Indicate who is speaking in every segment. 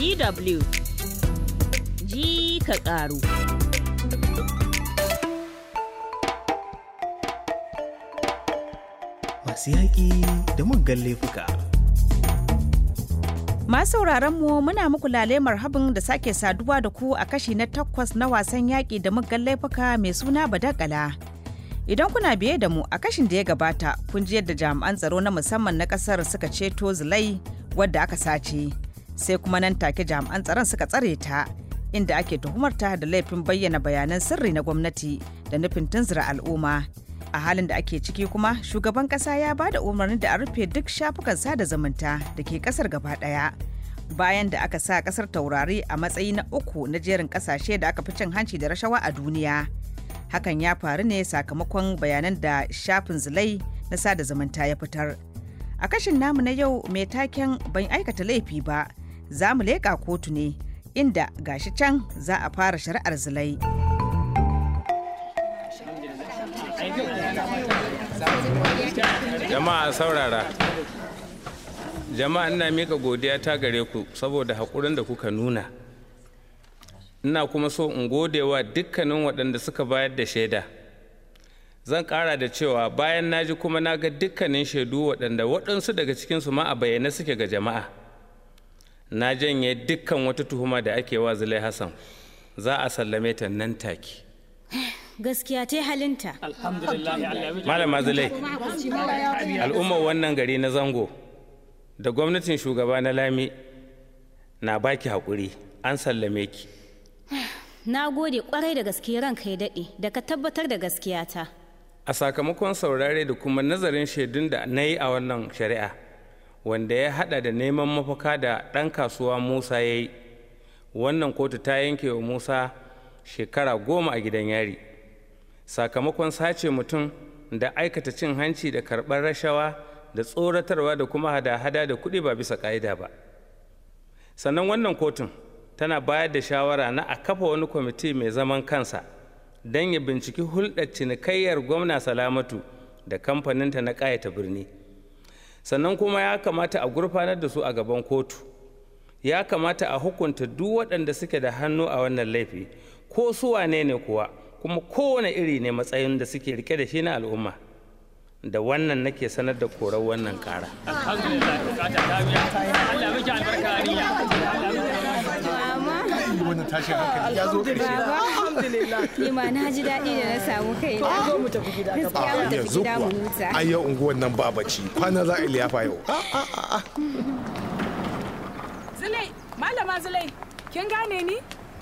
Speaker 1: DW ji ka ƙaru.
Speaker 2: Masu yaƙi da muggan laifuka.
Speaker 3: Masu mu muna muku lalemar habin da sake saduwa da ku a kashi na takwas na wasan yaƙi da muggan laifuka mai suna badakala. Idan kuna biye da mu a kashin da ya gabata kun ji yadda jami'an tsaro na musamman na ƙasar suka ceto zulai wadda aka sace. sai kuma nan take jami'an tsaron suka tsare ta inda ake tuhumarta da laifin bayyana bayanan sirri na gwamnati da nufin tunzura al'umma a halin da ake ciki kuma shugaban kasa ya ba da umarni da a rufe duk shafukan sada zumunta da ke kasar gaba daya bayan da aka sa kasar taurari a matsayi na uku na jerin kasashe da aka fi cin hanci da rashawa a duniya hakan ya faru ne sakamakon bayanan da shafin zulai na sada zumunta ya fitar a kashin namu na yau mai taken ban aikata laifi ba za mu leƙa kotu ne inda gashi can za a fara shari'ar zulai.
Speaker 4: jama'a
Speaker 2: saurara jama'a ina mika godiya ta gare ku saboda haƙurin da kuka nuna ina kuma so in gode wa dukkanin waɗanda suka bayar da shaida zan ƙara da cewa bayan na ji kuma na ga dukkanin shaidu waɗanda waɗansu daga cikinsu ma a bayyane suke ga jama'a na janye dukkan wata tuhuma da ake wa zulai hassan za a sallame ta nan take
Speaker 5: gaskiya ta halinta malama zulai al'ummar
Speaker 2: wannan gari na zango da gwamnatin shugaba na lami na baki haƙuri an sallame ki
Speaker 5: na gode kwarai da gaske ranka ya daɗe da ka tabbatar da gaskiyata
Speaker 2: a sakamakon saurare da kuma nazarin shaidun da na yi a wannan shari'a wanda ya hada da neman mafaka da ɗan kasuwa musa ya yi wannan kotu ta yanke wa musa shekara goma a gidan yari sakamakon sace mutum da aikata cin hanci da karɓar rashawa da tsoratarwa da kuma hada-hada da kuɗi ba bisa ƙa'ida ba sannan wannan kotun tana bayar da shawara na a kafa wani kwamiti mai zaman kansa don ya binciki hulɗar cinikayyar gwamna salamatu da kamfaninta na ƙayata birni. sannan kuma ya kamata a gurfanar da su a gaban kotu ya kamata a hukunta duk waɗanda suke da hannu a wannan laifi ko su wane ne kuwa kuma kowane iri ne matsayin da suke rike da shi na al'umma da wannan nake sanar da korar wannan kara
Speaker 1: tashin hankali ya zo ƙarshe
Speaker 4: alhamdulillah ni ma na ji daɗi da na samu kai ko zo mu tafi gida ka ba yanzu kuwa ai
Speaker 2: yau unguwar nan ba bacci kwana za a liyafa yau ah, ah, ah,
Speaker 1: zulai malama zulai kin gane ni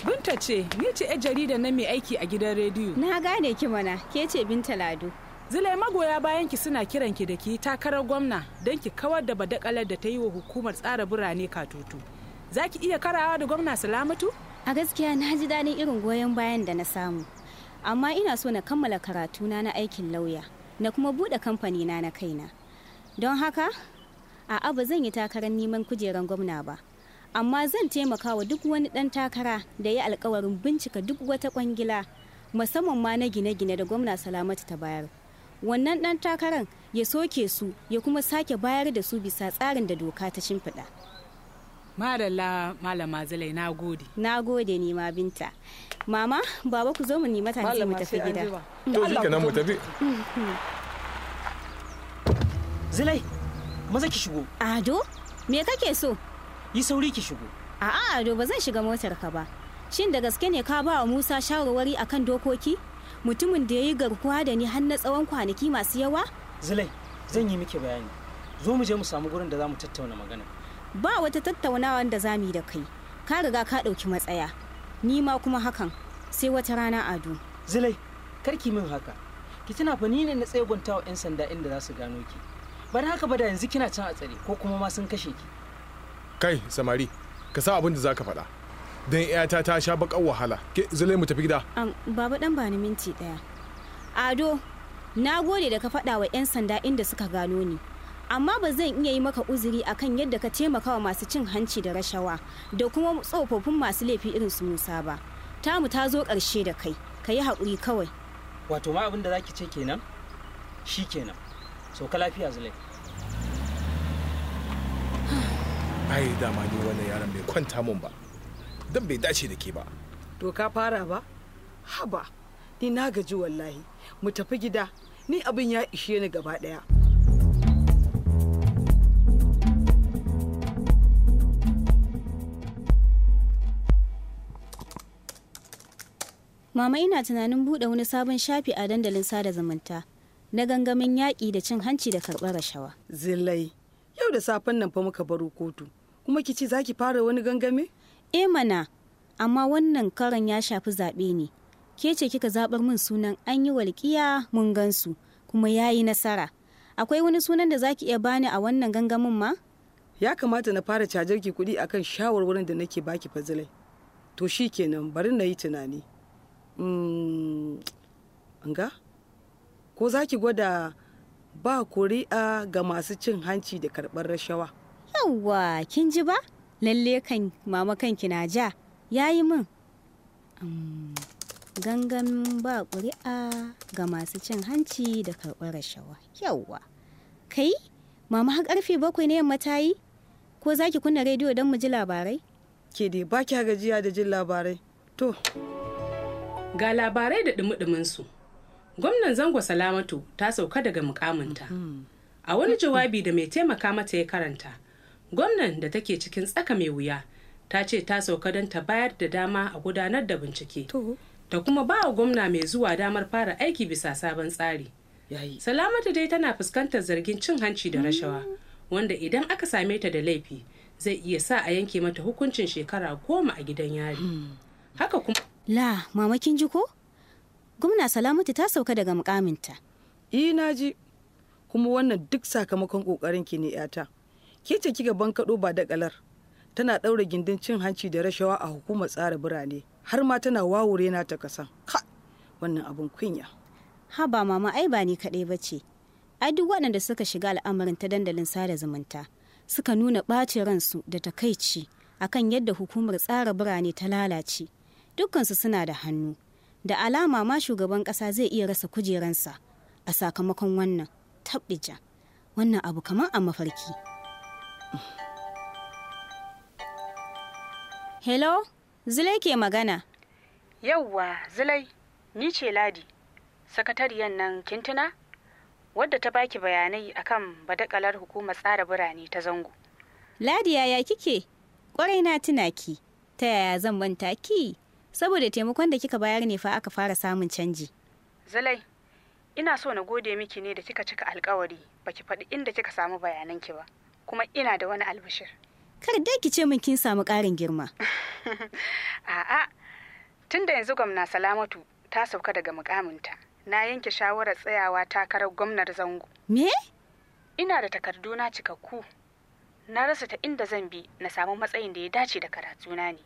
Speaker 1: binta ce ni ce 'yar jarida na mai aiki a gidan rediyo na gane ki mana ke ce binta lado Zulai magoya bayan ki suna kiran ki da ki takarar gwamna don ki kawar da badakalar da ta yi wa hukumar tsara birane katutu. Za ki iya karawa da gwamna Salamatu? A gaskiya na ji daɗin irin goyon
Speaker 5: bayan da na samu. Amma ina so na kammala karatuna na aikin lauya, na kuma buɗe kamfani na na kaina. Don haka, a'a ba zan yi takarar neman kujeran gwamna ba. Amma zan taimaka wa duk wani ɗan takara da ya alkawarin bincika duk wata kwangila, musamman ma na gine-gine da gwamna Salamatu ta bayar. Wannan ɗan takarar ya soke su ya kuma sake bayar da su bisa tsarin da doka ta shimfiɗa. Madalla malama zalai na gode. Na gode ni ma binta. Mama, baba ku zo mu nima ta mu tafi gida. Mm. To shi kenan mu tafi. Zalai, maza ki shigo. Ado, me kake so? Yi sauri ki shigo. A'a Ado ba zan shiga motar ka ba. Shin da gaske ne ka ba wa Musa shawarwari akan dokoki? Mutumin da ya yi garkuwa da ni har na tsawon kwanaki masu yawa? Zalai, zan yi miki bayani. Zo mu je mu samu gurin da za mu tattauna magana. ba wata tattaunawa da za mu yi da kai ka riga ka ɗauki matsaya ni ma kuma hakan sai wata rana ado zilai karki min haka ki tana fa ni ne na tsegunta wa 'yan sanda inda za su gano ki ba haka ba da yanzu kina can a tsare ko kuma ma sun kashe ki
Speaker 3: kai samari ka sa abin da za ka faɗa don 'yata ta sha baƙar wahala ke zilai mu tafi gida
Speaker 5: baba dan ba ni minti ɗaya ado na gode da ka faɗa wa 'yan sanda inda suka gano ni amma ba zan iya yi maka uzuri akan yadda ka taimakawa masu cin hanci da rashawa da kuma tsofaffin masu laifi irin su Musa ba. Tamu ta zo ƙarshe da kai, ka yi haƙuri kawai. Wato ma abin da zaki ce kenan? Shi kenan.
Speaker 1: Sauka lafiya zulai.
Speaker 2: Ai dama ni wannan yaron bai kwanta mun ba. Dan bai dace da ke ba.
Speaker 1: To ka fara ba?
Speaker 3: Haba, ni na gaji wallahi. Mu tafi gida. Ni abin ya ishe ni gaba ɗaya.
Speaker 5: Mama ina tunanin buɗe wani sabon shafi a dandalin sada zumunta na gangamin yaƙi da cin hanci da karɓar rashawa. Zillai, yau da safen nan fa muka baro kotu, kuma ki ce za ki fara wani gangami. E mana, amma wannan karon ya shafi zaɓe ne. Ke ce kika zaɓar min sunan an yi walƙiya mun gansu, kuma ya yi nasara. Akwai wani sunan da za ki iya bani a wannan gangamin ma? Ya kamata na fara cajar ki kuɗi akan shawarwarin da nake baki fazilai. To shi kenan bari na yi tunani. Mm, nga ko za ki gwada ba kuri'a ga masu cin hanci da karɓar rashawa yawwa kin ji ba lalle kan mama kanki na ja ya yi min mm, gangan ba kuri'a ga masu cin hanci da karɓar rashawa yawwa kai mama har karfe bakwai ne yamma ta yi ko za ki kunna rediyo don mu ji labarai ke dai ba kya gajiya da jin labarai to
Speaker 1: ga labarai da dumi su gwamnan zango salamatu ta sauka daga mukaminta a wani jawabi da mai taimaka mata ya karanta gwamnan da take cikin tsaka mai wuya ta ce ta sauka don ta bayar da dama a gudanar da bincike ta kuma ba wa gwamna mai zuwa damar fara aiki bisa sabon tsari salamatu dai tana fuskantar zargin cin hanci da rashawa wanda idan aka same ta da laifi zai iya sa a yanke mata hukuncin shekara goma a gidan yari hmm. haka kuma La,
Speaker 5: mamakin ji ko? Gwamna Salamatu ta sauka daga mukaminta. Eh na ji. Kuma wannan duk sakamakon kokarin ki ne yata. Ke ce gaban bankaɗo ba da kalar. Tana ɗaura gindin cin hanci da rashawa a hukumar tsara birane. Har ma tana wawure na ta kasa. Ha! Wannan abin kunya. Ha ba mama ai ba ni kaɗai ba ce. Ai duk waɗanda suka shiga al'amarin ta dandalin sada zumunta suka nuna ɓacin ransu da takaici akan yadda hukumar tsara birane ta lalace. dukkansu suna da hannu da alama ma shugaban ƙasa zai iya rasa kujeransa a sakamakon wannan tabbija wannan abu kamar a mafarki hello zulai ke magana
Speaker 1: yauwa zulai ni ce ladi sakatariyan nan kintuna wadda ta baki bayanai akan badakalar hukumar tsara birane ta zango
Speaker 5: ladi yaya kike kwarai na tuna ki ta yaya zan manta ki saboda taimakon da kika bayar ne fa aka fara samun canji
Speaker 1: zalai ina so na gode miki ne da kika cika alkawari baki faɗi inda kika samu bayanan ki ba kuma ina da wani albishir kar
Speaker 5: dai ki ce min kin samu ƙarin girma
Speaker 1: a'a tunda yanzu gwamna salamatu ta sauka daga mukaminta na yanke shawarar tsayawa takarar gwamnar zango me ina da takarduna cikakku na rasa ta inda zan bi na samu matsayin da ya dace da karatuna ne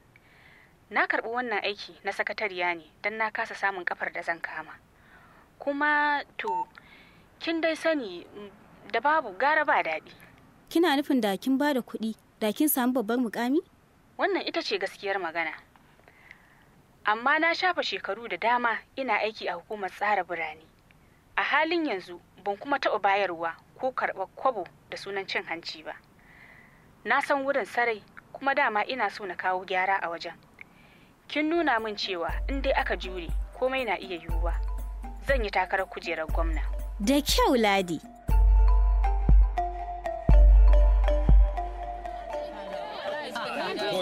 Speaker 1: na karɓi wannan aiki na sakatariya ne don na kasa samun kafar da zan kama kuma to kin dai sani mm, da babu gara ba daɗi
Speaker 5: kina nufin da kin ba da kuɗi da kin samu babbar mukami
Speaker 1: wannan ita ce gaskiyar magana amma na shafa shekaru da dama ina aiki a hukumar tsara birane a halin yanzu ban kuma taɓa bayarwa ko karɓar kwabo da sunan cin hanci ba na san wurin sarai kuma dama ina so na kawo gyara a wajen kin nuna min cewa in dai aka jure komai na iya yiwuwa zan yi takarar kujerar gwamna
Speaker 5: da kyau ladi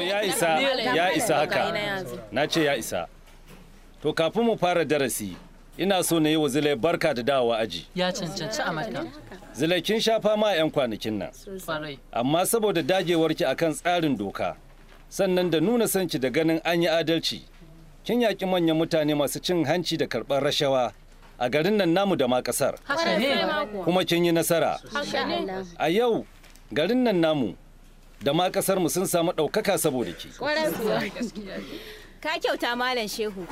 Speaker 4: ya isa, ya isa haka. Na ce ya isa. To kafin mu fara darasi, ina so na yi wa Zile barka da dawa aji. Ya cancanci Amurka. Zile kin sha fama 'yan kwanakin nan. Amma saboda dagewarki akan tsarin doka, sannan da nuna sanci da ganin an yi adalci kin yaƙi manyan mutane masu cin hanci da karɓar rashawa a garin nan namu da ma ƙasar kuma kin yi nasara a yau garin nan namu da ma ƙasar mu sun samu ɗaukaka saboda ki
Speaker 5: ka kyauta malam shehu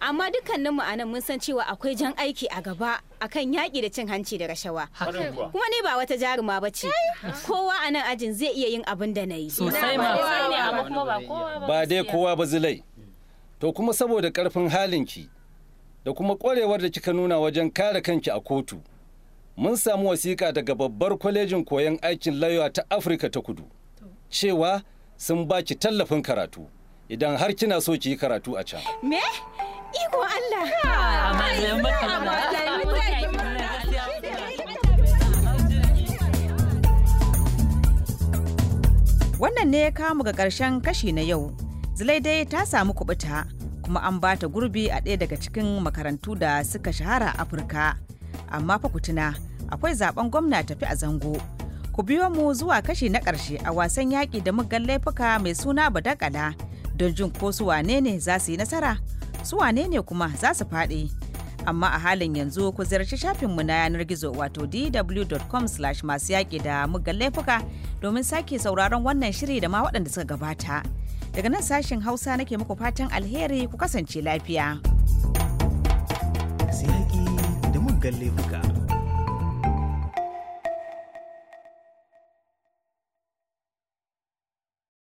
Speaker 5: amma dukkaninmu a nan mun san cewa akwai jan aiki a gaba akan yaƙi da cin hanci da rashawa kuma ni ba wata jaruma ba ce kowa a nan ajin zai iya yin abin da na yi ba dai kowa
Speaker 4: ba zilai to kuma saboda ƙarfin halinki da kuma ƙwarewar da kika nuna wajen kare kanki a kotu mun samu wasiƙa daga babbar kwalejin koyon aikin layuwa ta afirka ta kudu cewa sun baki tallafin karatu idan har kina so ki yi karatu a can
Speaker 1: me
Speaker 5: Iko Allah.
Speaker 3: Wannan ne ya kamu ga ƙarshen kashi na yau. Zulai dai ta samu kubuta kuma an ba ta gurbi a ɗaya daga cikin makarantu da suka shahara Afirka. Amma fa ku tuna akwai zaben gwamna tafi a zango. Ku biyo mu zuwa kashi na ƙarshe a wasan yaƙi da muggan laifuka mai suna badakala don jin ko su wane ne za su yi nasara. su wane ne kuma za su faɗi amma a halin yanzu ku ziyarci shafinmu na yanar gizo wato dw.com slash masu yaƙi da muggan laifuka domin sake sauraron wannan shiri da ma waɗanda suka gabata daga nan sashen hausa nake muku fatan alheri ku kasance lafiya.
Speaker 2: Masu da muggan laifuka.